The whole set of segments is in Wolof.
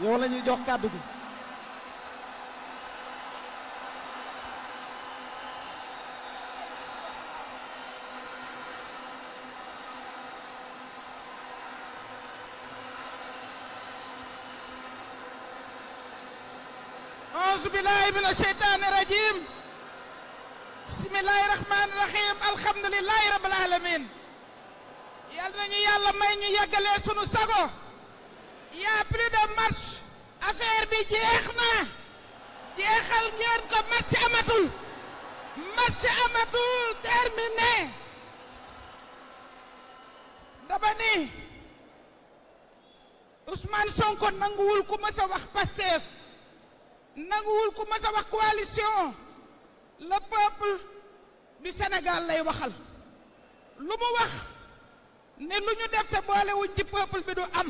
yow la ñuy jox kàddu gi أعوذ بالله من الشيطان الرجيم بسم الله الرحمن الرحيم الحمد لله رب العالمين yal na ñu yàlla may ñu yeggalee sunu sago il y a plus de match affaire bi jeex na jeexal ko match amatul match amatul terminé Dabani. Ousmane Sonko nangoul ku mës a wax Pastef nanguwul ku mës a wax coalition le peuple du Sénégal lay waxal lu mu wax ne lu ñu def te boolewuñ ci peuple bi du am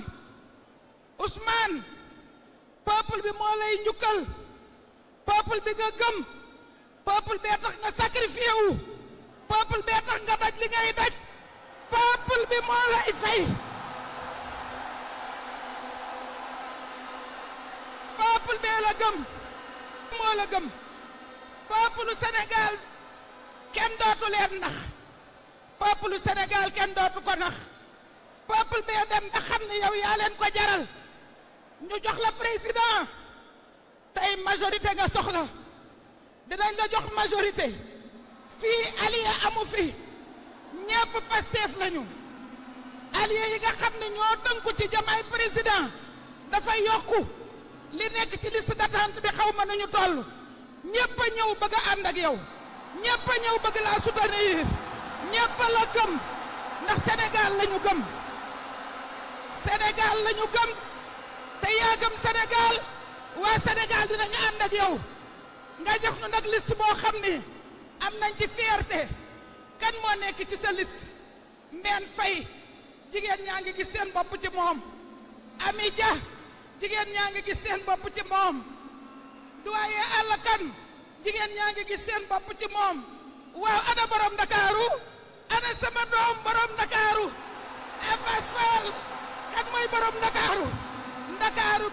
Ousmane peuple bi moo lay njukkal peuple bi nga gëm peuple bee tax nga sacrifié wu bee tax nga daj li ngay daj peuple bi moo lay fay peuple bee la gëm moo la gëm peuple Sénégal kenn dootu leen nax peuple Sénégal kenn dootu ko nax peuple bee dem ba xam ne yow yaa leen ko jaral nous jox la président une majorité nga soxla majorité. la jox majorité majorité. allié amu fi lañu yi nga ñoo ci majorité. président yokku li nekk ci liste d'attente bi nañu a pas bëgg majorité. ak yow a bëgg la soutenir la gëm ndax Sénégal lañu gëm Sénégal lañu te yaa gëm Sénégal waa anda dinañu ànd ak yow nga jox nu nag liste am nañ ci fierté kan moo nekk ci sa liste Mbène Faye jigéen ñaa ngi gis seen bopp ci moom Ami Dia jigéen ñaa ngi gis seen bopp ci moom doyen Alla ngi gis seen ci moom waaw ana borom Ndakaaru ana sama doom borom Ndakaaru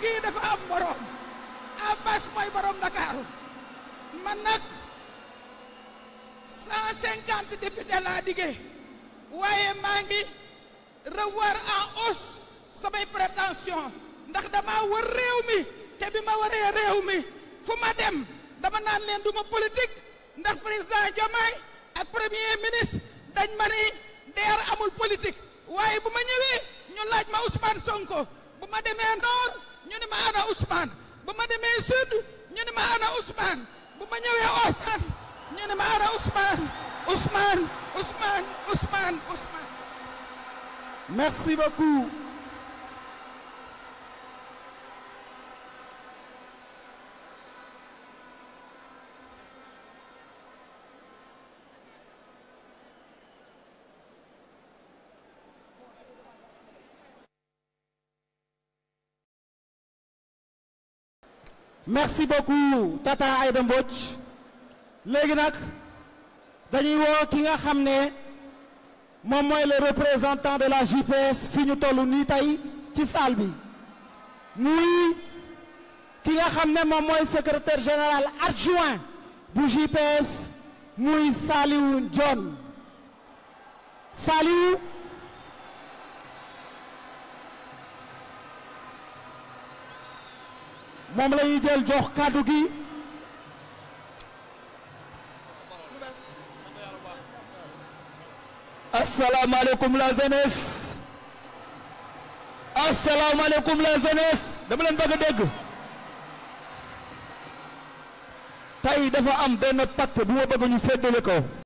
kii dafa am borom Abbas mooy borom Ndakaaru man nag cent cinquante député laa diggee waaye maa ngi revoir en hausse samay prétention ndax dama wër réew mi te réew mi fu dem dama naan leen duma politique ndax président Diomaye ak premier ministre dañ mari der amul politique waye bu nyolaj ñëwee ñu laaj ma Ousmane Sonko ñu ni ma ana Ousmane bu ma demee sud ñu ni ma ana Ousmane bu ma ñëwee Ossan ñu ni ma ana Ousmane Ousmane Ousmane Ousmane Ousmane merci beaucoup merci beaucoup Tata Aïda Mbodj léegi qui dañuy le représentant de la JPS fi ñu qui nii Nous, ci salle bi muy secrétaire général adjoint du JPS nous saluons John. Salut. mom la ñuy jël jox kàddu gi alaykum la jeunesse alaykum la jeunesse dama len bëgg a dégg tey dafa am ben pacte bu ma bëgg ñu féddale ko